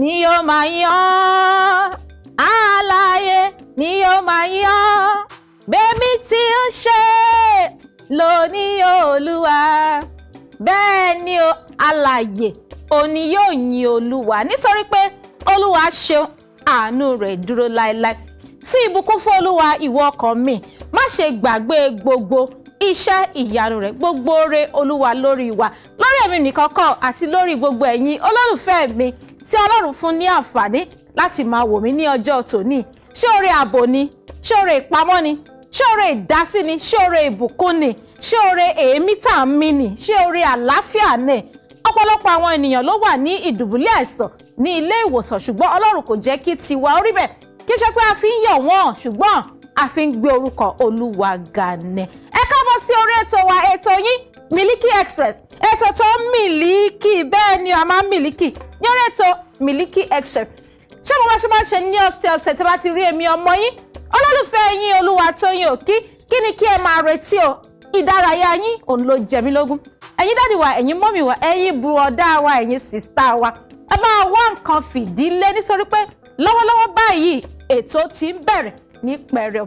ni yóò máa yìn ọ́ ni yóò máa yìn ọ́ bẹ́ẹ̀mí tí ó ṣe lónìí olúwa bẹ́ẹ̀ ni o alààyè òní yóò yìn olúwa nítorí pé olúwa ṣeun àánú rẹ̀ dúró láéláé fi ìbùkún fún olúwa ìwọ ọkàn mi má ṣe gbàgbé gbogbo iṣẹ́ ìyanu rẹ̀ gbogbo oore olúwa lórí wa lórí èmi nìkan kọ́ àti lórí gbogbo ẹ̀yin olólùfẹ́ mi tí Ọlọ́run fún ní àǹfààní láti máa wò mí ní ọjọ́ tòní ṣé oore ààbò ni ṣé oore ìpamọ́ ni ṣé oore ìdásí ni ṣé oore ìbùkún ni ṣé oore èémí tà ń mí ni ṣé oore àlàáfíà ni ọ̀pọ̀lọpọ̀ àwọn ènìyàn ló wà ní ìdùbúlẹ̀ àìsàn ní ilé ìwòsàn ṣùgbọ́n Ọlọ́run kò jẹ́ kí tiwa orí bẹ̀ kí ṣe pé a fi ń yọ̀ wọ́n ṣùgbọ́n a fi ń gbé orúkọ Olúwa ga ni ẹ káàbọ̀ sí orí ètò wa ètò yín miliki express ètò tó miliki bẹ́ẹ̀ ni a máa miliki ní orí miliki express ṣé mo bá ṣe máa ṣe ní ọ̀sẹ̀ ọ̀sẹ̀ tí bá ti rí èmi ọmọ yín olólùfẹ́ yín Olúwatóyìn Òkí kí ni kí ẹ máa retí o ìdárayá yín òun ló jẹ mí lógún ẹ̀yin dáàdì wa ẹ̀yin mọ́mì wa ẹ̀yin bùrọ̀dá wa ẹ̀yin sìstá wa ẹ máa wá nǹkan fìdílé nítorí pé lọ́wọ́lọ́wọ́ báyìí ètò ti ń bẹ̀rẹ̀ ní pẹ̀rẹ̀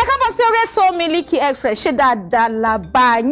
ẹ kábọ̀ sí orí ètò Miliki Express ṣé dáadáa là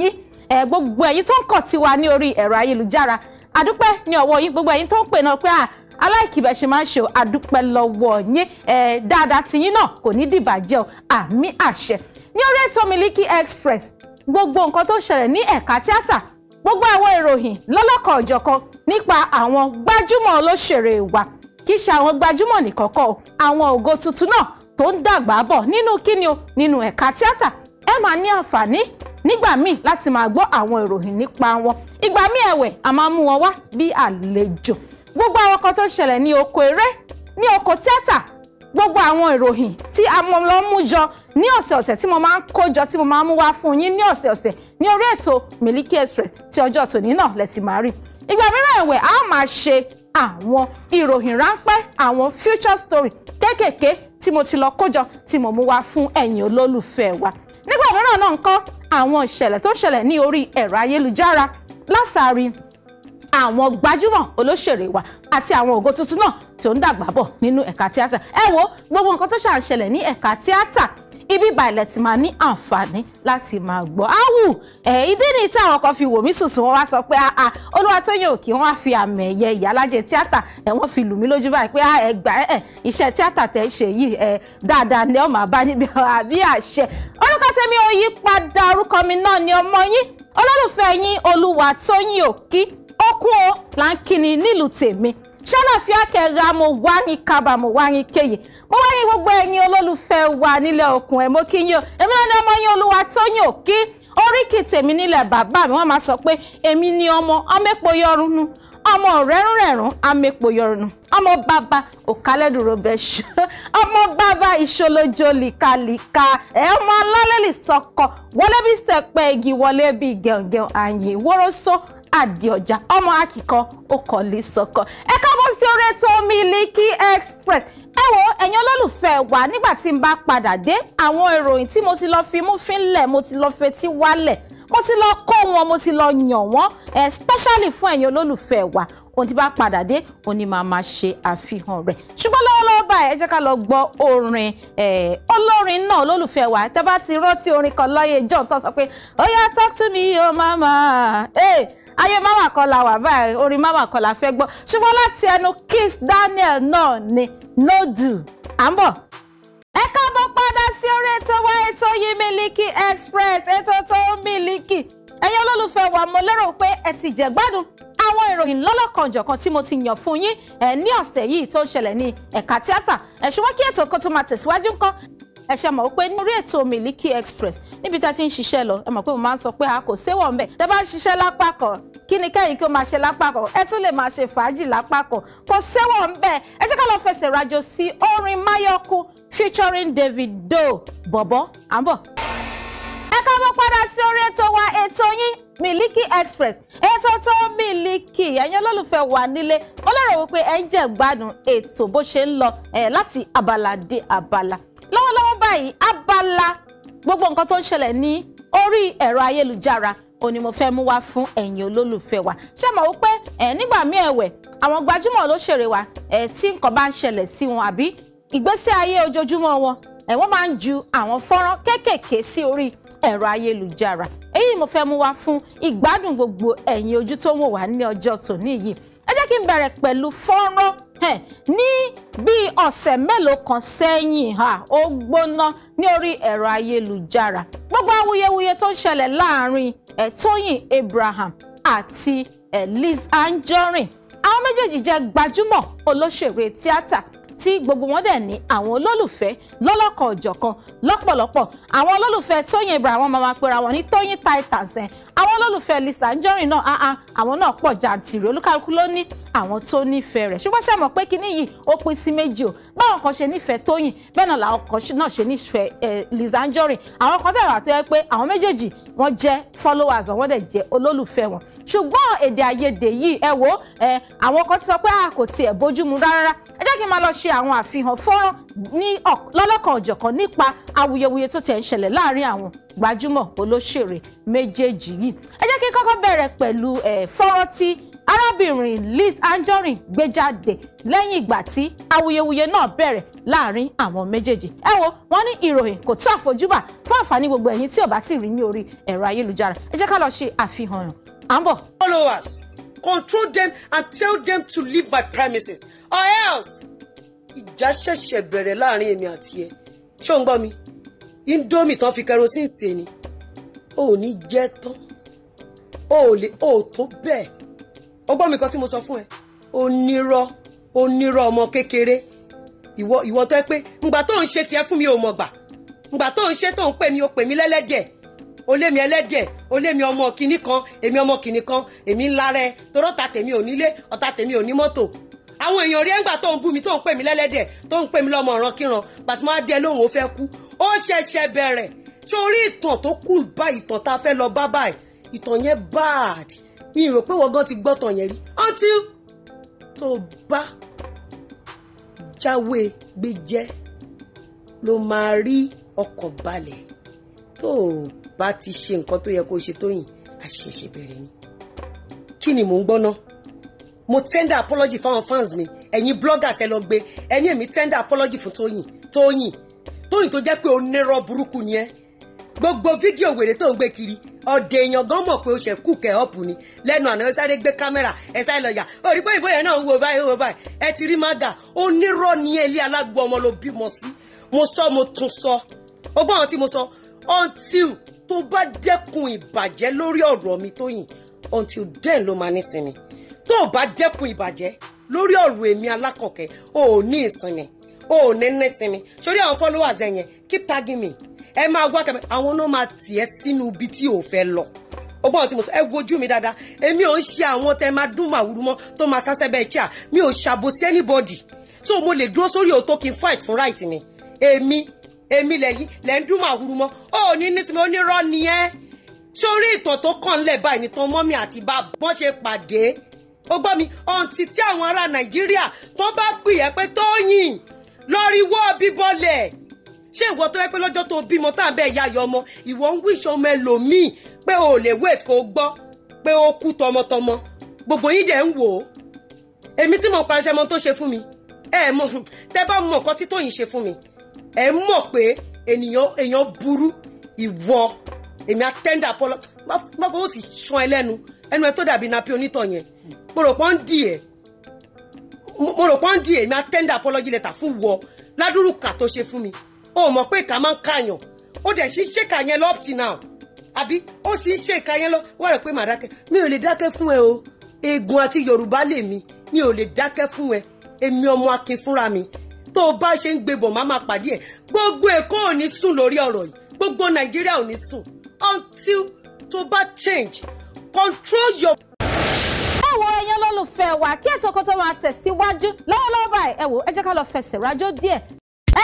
yín ẹ gbogbo ẹ̀yin tó ń kàn sí wa ní orí ẹ̀rọ ayélujára àdúpẹ́ ní ọwọ́ yín gbogbo ẹ̀yin tó ń pè náà pé à aláìkìbẹ̀ ṣe máa ń ṣe o àdúpẹ́ lọ́wọ́ yín ẹ̀ dáadáa tiyín náà kò ní dìbàjẹ́ o àmì àṣẹ ní orí ètò Miliki Express gbogbo nǹkan tó ṣẹlẹ̀ ní ẹ̀ka tíátà gbogbo àwọn ìròyìn lọ́lọ́kan òjọ̀kan nípa àwọn gbajúmọ̀ olóṣèré wa kì í ṣe àwọn gbajúmọ̀ nìkan kọ́ o àwọn ògo tuntun náà tó ń dàgbà bọ̀ nínú kíni o nínú ẹ̀ka tíátà ẹ máa ní àǹfààní nígbà míì láti máa gbọ́ àwọn ìròyìn nípa wọn ìgbà míì ẹ̀wẹ̀ a máa mú wọn wá bí àlejò gbogbo àwọn kan tó ń ṣẹlẹ̀ ní oko eré ní oko tíátà gbogbo àwọn ìròyìn tí a mọ lọ mú jọ ní ọ̀sẹ̀ọ̀sẹ̀ tí mo máa ń kó jọ tí mo máa ń mú wá fún yín ní ọ̀sẹ̀ọ̀sẹ̀ ní orí ètò Miliki Express tí ọjọ́ tòní náà lẹ ti máa rí ìgbà mìíràn ẹ̀wẹ̀ a máa ṣe àwọn ìròyìn ráńpẹ́ àwọn future story kéékèèké tí mo ti lọ kó jọ tí mo mú wá fún ẹ̀yin olólùfẹ́ wa nígbà mìíràn náà nǹkan àwọn ìṣẹ̀lẹ̀ tó ń ṣẹlẹ̀ ní orí ẹ̀rọ ayélujára látàrí àwọn gbajúmọ̀ olóṣèré wa àti àwọn ògo tuntun náà tó ń dàgbà bọ̀ nínú ẹ̀ka tíátà ẹ wo gbogbo nǹkan tó ṣàn ní ẹ̀ka tíátà ibi ìbàlẹ̀ tí máa ní àǹfààní láti máa gbọ́. áwù ẹ̀ ìdí ni táwọn kan fi wò mí sùn sùn wọ́n wá sọ pé àà ah, ah, Olúwatóyìn Òkì wọ́n á fi àmì ẹ̀yẹ ìyálájẹ tíátà ẹ̀ wọ́n fi lù mí lójú báyìí pé ah, ẹ gbà ẹ̀ iṣẹ́ tíátà tẹ̀ ṣe yìí dáadáa ni ọ̀ máa bá níbi àbí àṣẹ. orúkọ tèmi ò padà orúkọ mi náà ni ọmọ yín olólùfẹ́ yín Olúwatóyìn Òkì ó kún ó là ń kíni nílùú tèmi ṣàlàfíà kẹra mo wá ní kábà mo wá ní kéye mo wá ní gbogbo ẹ̀yin olólùfẹ́ wa nílẹ̀ òkun ẹ̀ mo kí yín o èmi náà ni ọmọ yín olúwa Tóyìn Òkí oríkì tèmi nílẹ̀ bàbá mi wọ́n máa sọ pé èmi ni ọmọ ọmọ epo nu ọmọ rẹ́rùnrẹ́rùn amepo yọrùnù ọmọ bàbá òkálẹ́dùrọ̀ bẹ́ṣù ọmọ bàbá ìṣolójó líkalíka ẹ ọmọ alálẹ́lì sọkọ wọlé bí sẹpẹ́ igi wọlé bí gẹ̀ǹgẹ̀ǹ àyè wọ́rọ́sọ àdìọjà ọmọ akíkọ ó kọ́lé sọ́kọ ẹ káàbọ̀ sí orí ètò Miliki Express ẹ wo ẹ̀yin olólùfẹ́ wa nígbà tí n bá padà dé àwọn ìròyìn tí mo ti lọ fi mú fínlẹ̀ mo ti lọ fetí wálẹ̀ mo ti lọ kó wọn mo ti lọ yàn wọn especially fún ẹ̀yin olólùfẹ́ wa ohun tí bá padà dé òní máa máa ṣe àfihàn rẹ̀ ṣùgbọ́n lọ́wọ́lọ́wọ́ báyìí ẹ jẹ́ ká lọ gbọ́ orin olórin náà olólùfẹ́ wa tẹ́ bá ti rántí orin kan lọ́yẹ̀ john tó sọ pé ó talk to me o oh mama ayé mama kan la wà báyìí orin mama kan la fẹ́ gbọ́ ṣùgbọ́n láti ẹnu Kiss Daniel náà ni no do à ń bọ̀ ẹ káàbọ̀ padà sí orí ètò wa ètò yìí Miliki Express ètò tó ń Miliki ẹ̀yin olólùfẹ́ wa mo lérò pé ẹ ti jẹ̀gbádùn àwọn ìròyìn lọ́lọ́kanjọ̀kan tí mo ti yàn fún yín ẹ̀ ní ọ̀sẹ̀ yìí tó ń ṣẹlẹ̀ ní ẹ̀ka tíátà ẹ ṣùgbọ́n kí ètò kan tó máa tẹ̀síwájú ńkọ́ ẹ ṣe mọ̀ pé lórí ètò Miliki Express níbi tá a ti ń ṣiṣẹ́ lọ ẹ mọ̀ pé mo máa ń sọ pé a kò séwọ̀ ń bẹ̀ tẹ́ bá ṣiṣẹ́ lápá kan kí ni kẹ́yìn kí o máa ṣe lápá kan ẹ tún lè máa ṣe fàájì lápá kan kò séwọ̀ ń bẹ̀ ẹ jẹ́ ká lọ fẹsẹ̀ rajo sí orin Máyọ̀kú featuring Davido bọ̀bọ̀ à ń bọ̀ ẹ káàbọ̀ padà sí orí ètò wa ètò yín Miliki Express ètò tó Miliki ẹ̀yin olólùfẹ́ wà nílé ó lérò wípé ẹ ń jẹ gbádùn ètò bó ṣe ń lọ láti abala dé abala lọ́wọ́lọ́wọ́ báyìí abala gbogbo nǹkan tó ń ṣẹlẹ̀ ní orí ẹ̀rọ ayélujára o mo fẹ́ mú wá fún ẹ̀yin olólùfẹ́ wa ṣé mọ̀ wípé ẹ̀ nígbà míì ẹ̀wẹ̀ àwọn gbajúmọ̀ olóṣèré wa ẹ̀ tí nǹkan bá ń ṣẹlẹ̀ sí wọn àbí ìgbésí ayé ojoojúmọ́ wọn ẹ̀ wọ́n máa ń ju àwọn fọ́nrán kéékèèké sí orí ẹ̀rọ ayélujára èyí mo fẹ́ mú wá fún ìgbádùn gbogbo ẹ̀yin ojú tó ń wò wá ní ọjọ́ tòní yìí ẹ jẹ́ kí n bẹ̀rẹ̀ pẹ̀lú fọ́nrán ní bíi ọ̀sẹ̀ mélòó kan sẹ́yìn ó gbóná ní orí ẹ̀rọ ayélujára gbogbo awuyewuye tó ń ṣẹlẹ̀ láàrin ẹ̀ Abraham àti Liz Anjorin àwọn méjèèjì jẹ́ gbajúmọ̀ olóṣèré tíátà tí gbogbo wọn dẹ̀ ní àwọn olólùfẹ́ lọ́lọ́kan òjọ̀kan lọ́pọ̀lọpọ̀ àwọn olólùfẹ́ Tóyìn Abraham àwọn máa pera wọn ní Tóyìn Titans ẹ̀ àwọn olólùfẹ́ Lisa Njorin náà áá ah, ah, àwọn náà pọ̀ jàǹtìrì olúkálukú ló ní àwọn tó nífẹ̀ẹ́ rẹ̀ ṣùgbọ́n ṣàmọ̀ pé kinní yìí ó pín sí méjì o báwọn kan ṣe nífẹ̀ẹ́ Tóyìn bẹ́ẹ̀ náà làwọn kan náà ṣe nífẹ̀ẹ́ Lisa Njorin àwọn kan dẹ̀ wà tó yẹ pé àwọn méjèèjì wọ́n jẹ́ followers wọn dẹ̀ jẹ́ olólùfẹ́ wọn ṣùgbọ́n èdè àìyedè yìí ẹ wo ẹ àwọn kan ti sọ pé a kò tiẹ̀ bójúmu rárá ẹ jẹ́ kí n máa lọ ṣe àwọn àfihàn fọ́nrán ní lọ́lọ́kan ọ̀jọ̀kan nípa awuyewuye tó tẹ̀ ń ṣẹlẹ̀ láàrin àwọn gbajúmọ̀ olóṣèré méjèèjì yìí ẹ jẹ́ kí n kọ́kọ́ bẹ̀rẹ̀ pẹ̀lú fọ́nrán tí arábìnrin Liz Anjorin gbé jáde lẹ́yìn ìgbà tí awuyewuye náà bẹ̀rẹ̀ láàrin àwọn méjèèjì ẹ wo wọn ní ìròyìn kò tó àfojúbà fún àǹfààní gbogbo ẹ̀yin tí ò bá ti rí ní orí ẹ̀rọ ayélujára ẹ jẹ́ ká lọ ṣe àfihàn à followers control them and tell them to leave my premises or else. ìjà ṣẹ̀ṣẹ̀ bẹ̀rẹ̀ láàrin èmi àti ẹ̀ ṣé ò ń gbọ́ mi indomie tán fi kerosene sè ni o ò ní jẹ́ tán o ò lè o ò tó bẹ́ẹ̀ o gbọ́ mi kan tí mo sọ fún ẹ onírọ́ onírọ́ ọmọ kékeré ìwọ ìwọ tó ẹ pé ngbà tó ń ṣe tiẹ̀ fún mi ò mọ̀ gbà ngbà tó ń ṣe tó ń pè mí ó pè mí lẹ́lẹ́dẹ̀ẹ́ olémi ẹlẹ́dẹ̀ olémi ọmọ kìnnì kan èmi ọmọ kìnnì kan èmi ńlá rẹ torọ́ ta tèmi ò nílé ọ̀tá tèmi ò ní mọ́tò àwọn èèyàn rí ẹ̀ǹgbà tó ń bú mi tó ń pè mí lẹ́lẹ́dẹ̀ tó ń pè mí lọ́mọ ìrankíran pàtó máa dé lóhùn ó fẹ́ kú ó ṣẹ̀ṣẹ̀ bẹ̀rẹ̀ sórí ìtàn tó kù bá ìtàn tá a fẹ́ lọ bá báyìí ìtàn yẹn bad mi rò pé wọ́gán ti gbọ́tàn yẹn rí until tó bá jáwé gbéjẹ́ ló máa rí ọkàn balẹ̀ tó o bá ti ṣe nǹkan tó yẹ kó ṣe Tóyìn a bẹ̀rẹ̀ ni kí ni mò ń gbọ́ mo tender apology fáwọn fans mi ẹ̀yin bloggers ẹ lọ gbé ẹni èmi tender apology fún Tóyìn Tóyìn Tóyìn tó jẹ́ pé onírọ́ burúkú ni ẹ́ gbogbo fídíò wèrè tó ń gbé kiri ọ̀dẹ̀ èèyàn gan mọ̀ pé o ṣe kú kẹ́ ọ̀pù ni lẹ́nu àná ẹ sáré gbé kámẹ́rà ẹ sáré lọ yà orí pé ìbò yẹn náà ń wo báyìí ń báyìí ẹ ti rí mága onírọ́ ni ẹ ilé alágbó ọmọ ló bímọ sí mo sọ mo tún sọ ó gbọ́ àwọn tí mo sọ until tó bá dẹ́kun ìbàjẹ́ lórí ọ̀rọ̀ mi Tóyìn until then ló máa nísinmi tó o bá dẹ́kun ìbàjẹ́ lórí ọ̀rọ̀ èmi alákọ̀ọ́kẹ́ o ò ní ìsinmi o ò ní nísinmi sórí àwọn followers ẹ yẹn keep tagging me ẹ máa wá kẹmẹ àwọn náà máa tì ẹ́ sínú ibi tí o fẹ́ lọ ọgbọ́n ọtí mo sọ ẹ wojú mi dáadáa èmi ò ń ṣe àwọn tẹ máa dún màwúrú mọ́ tó máa sásẹ́ bẹ́ẹ̀ chair mi ò ṣàbòsí anybody so mo lè dúró sórí òótọ́ kí n fight fún right mi èmi èmi lẹ́yìn lẹ́ ń dún màwúrú mọ́ ó ní nísìmí ó ní rọ́ nìyẹn sórí ìtàn tó kàn lẹ̀ báyìí nìtàn mọ́mí àti bàbá wọn ṣe pàdé ó gbọ́ mi ọ̀ǹtì tí àwọn ará nàìjíríà tó bá gbìyẹ pé Tóyìn lórí wọ́ bíbọ́lẹ̀ ṣé ìwọ tó yẹ pé lọ́jọ́ tó bímọ tá à ń bẹ́ẹ̀ ya ayọ̀ ọmọ ìwọ ń wíṣọ ọmọ ẹlòmíì pé o lè wait kó gbọ́ pé o kú tọmọtọmọ gbogbo yín dẹ̀ ń wò ó èmi tí mo pariṣẹ́ mọ tó ṣe fún mi ẹ mọ tẹ bá mọ nǹkan tí Tóyìn ṣe fún mi ẹ mọ̀ pé ènìyàn èèyàn burú ìwọ èmi àtẹ́ndà pọlọ má fọwọ́ sí ṣan ẹ lẹ́nu ẹnu ẹ tó dàbí napi onítọ̀ yẹn mo rò pọ́n dì ẹ̀ mo rò pọ́n dì ẹ̀ èmi àtẹ́ndà apology letter fún wọ ládùúrù kà tó ṣe fún mi o mọ̀ pé ìka máa ń kàyàn ó dẹ̀ sì ṣèkà yẹn lọ up till now àbí ó sì ń ṣèkà yẹn lọ wọ́n rẹ̀ pé màá dákẹ́ mi ò lè dákẹ́ fún ẹ o eegun àti yorùbá lèmi mi ò lè dákẹ́ fún ẹ èmi ọmọ akin fúnra mi tó o bá ṣe ń gbébọ̀ má máa pàdé ẹ̀ gbogbo èkó ò ní sùn lórí ọ̀rọ̀ yìí gbogbo nàìjíríà ò ní sùn until tó bá change control your wo ẹ̀yin olólùfẹ́ wa kí ètò kan tó máa tẹ̀síwájú lọ́wọ́lọ́wọ́ báyìí ẹ wò ẹ jẹ́ ká lọ fẹsẹ̀ rájò díẹ̀.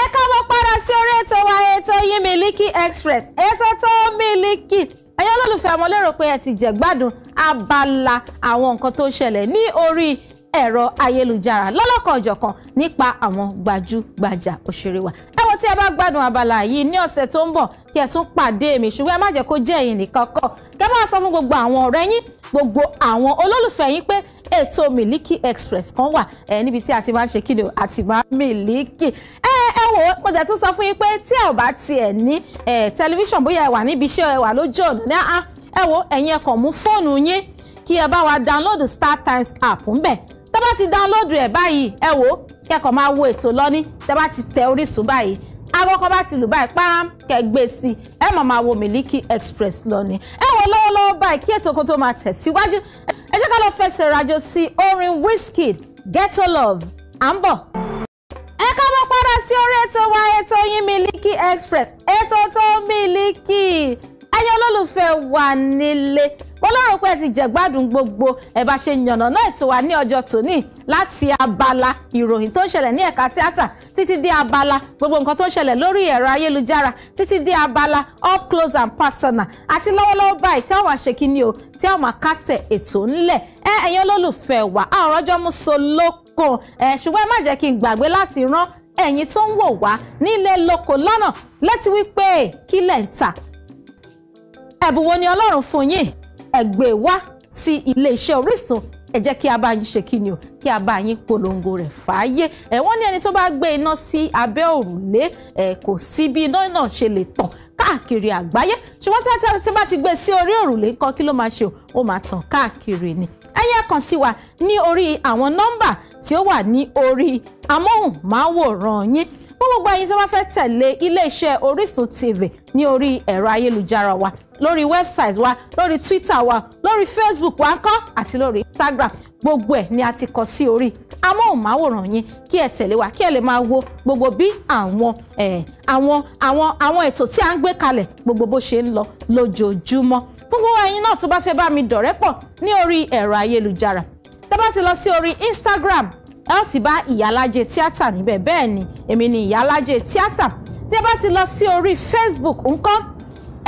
ẹ káwọ́ padà sí orí ètò wa ètò yín liki Express ètò tó Miliki liki. olólùfẹ́ ọmọ lérò pé ẹ ti jẹ̀gbádùn abala àwọn nǹkan tó ṣẹlẹ̀ ní orí ẹ̀rọ ayélujára lọ́lọ́kanòjọ̀kan nípa àwọn gbajúgbajà òṣèré wa ẹ wo tí ẹ bá gbádùn abala yìí ní ọ̀sẹ̀ tó ń bọ̀ kí ẹ tún pàdé mi ṣùgbọ́n ẹ má jẹ́ kó jẹ́ ẹ̀yin nìkan kọ́ kẹ́ bá sọ fún gbogbo àwọn ọ̀rẹ́ yín gbogbo àwọn olólùfẹ́ yín pé ètò Miliki Express kan wà ẹ níbi tí a ti máa ń ṣe kí ni o àti máa ń Miliki ẹ ẹ wò ó mo tẹ̀ tún sọ fún yín pé tí ẹ ò bá tiẹ̀ ní tẹlifíṣàn bóyá ẹ wà níbi iṣẹ́ ẹ wà lójú ọ̀nà ẹ wo ẹ̀yin ẹ kàn mú fóònù yín kí ẹ bá wa download StarTimes app ńbẹ̀ bá ti download rẹ̀ báyìí ẹ wò ó kẹ́kọ̀ọ́ máa wo ètò lọ́ní tẹ́ bá ti tẹ Orísun báyìí akọkọ bá ti lù báyìí pàrọ̀ kẹgbẹ́ sí ẹ mọ̀ máa wo Miliki Express lọ́ní ẹ wò lọ́wọ́lọ́wọ́ báyìí kí ètò kan tó máa tẹ̀síwájú ẹ jẹ́ ká lọ fẹsẹ̀ rajo sí orin Wizkid Ghetto Love à ń bọ̀ sí orí ètò wa ètò yín Miliki Express ètò tó Miliki ẹ̀yin olólùfẹ́ wa nílé bọ́lọ́run pé ẹ ti jẹ̀gbádùn gbogbo ẹ bá ṣe yànnà náà ètò wa ní ọjọ́ tòní láti abala ìròyìn tó ń ṣẹlẹ̀ ní ẹ̀ka tíátà títí dé abala gbogbo nǹkan tó ń ṣẹlẹ̀ lórí ẹ̀rọ ayélujára títí dé abala up close and personal àti lọ́wọ́lọ́wọ́ báyìí tí àwọn àṣekí ni o tí àwọn àkásẹ̀ ètò ńlẹ̀ ẹ ẹ̀yin olólùfẹ́ wa àwọn ọjọ́ mú so lóko ẹ ṣùgbọ́n ẹ má jẹ́ kí n gbàgbé láti rán ẹ̀yin tó ń wò wá nílé lóko lọ́nà létí wípé kílẹ̀ ń tà ẹ̀bùn wo ni Ọlọ́run fún yín ẹ gbé e wá sí iléeṣẹ́ Orísun ẹ jẹ́ kí a bá yín ṣe kíni o kí a bá yín polongo rẹ̀ fàáyé ẹ wọ́n ní ẹni tó bá gbé iná sí abẹ́ òrùlé ẹ kò sí bí iná náà ṣe lè tàn káàkiri àgbáyé ṣùgbọ́n tí bá ti gbé sí orí òrùlé ńkọ́ kí ló máa ṣe o ó máa tàn káàkiri ni ẹyẹ kàn sí wa ní orí àwọn nọ́mbà tí ó wà ní orí amóhùnmáwòrán yín gbogbo ẹ̀yin tó bá fẹ́ tẹ̀lé iléeṣẹ́ Orísun TV ní orí ẹ̀rọ ayélujára wa lórí website wa lórí Twitter wa lórí Facebook wa ńkọ́ àti lórí Instagram gbogbo ẹ̀ ni a ti kọ sí orí amóhùnmáwòrán yín kí ẹ tẹ̀lé wa kí ẹ lè máa wo gbogbo bí àwọn àwọn àwọn àwọn ètò tí a ń gbé kalẹ̀ gbogbo bó ṣe ń lọ lójoojúmọ́ gbogbo ẹ̀yin náà tó bá fẹ́ bá mi dọ̀rẹ́ pọ̀ ní orí ẹ̀rọ ayélujára tẹ́ bá ti lọ sí orí Instagram láti bá ìyálájẹ tíátà níbẹ̀ bẹ́ẹ̀ ni èmi ni ìyálájẹ tíátà tí ẹ bá ti lọ sí orí Facebook ńkọ́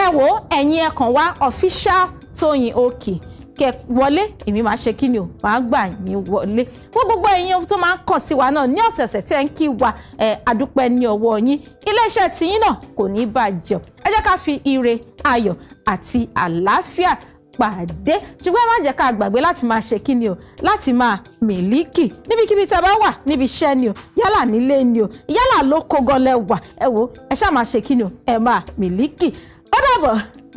ẹ wò ẹ̀yin ẹ kàn wá official Tóyìn Òkè kẹ wọlé èmi máa ṣe kí ni o máa gbà yín wọlé fún gbogbo ẹ̀yin tó máa ń kàn sí wa náà ní ọ̀sẹ̀ọ̀sẹ̀ tẹ́ ń kí wa ẹ̀ àdúpẹ́ ní ọwọ́ yín iléeṣẹ́ tiyín náà kò ní bàjẹ́ ẹ jẹ́ ká fi ire ayọ̀ àti àlàáfíà pàdé ṣùgbọ́n ẹ má jẹ́ ká gbàgbé láti máa ṣe kí ni o láti máa mílíkì níbikíbi tá a bá wà níbi iṣẹ́ ni o yálà nílé ni o yálà lóko gan lẹ wà ẹ wo ẹ ṣáà máa ṣe kí ni o ẹ máa mílíkì ó dàbọ̀.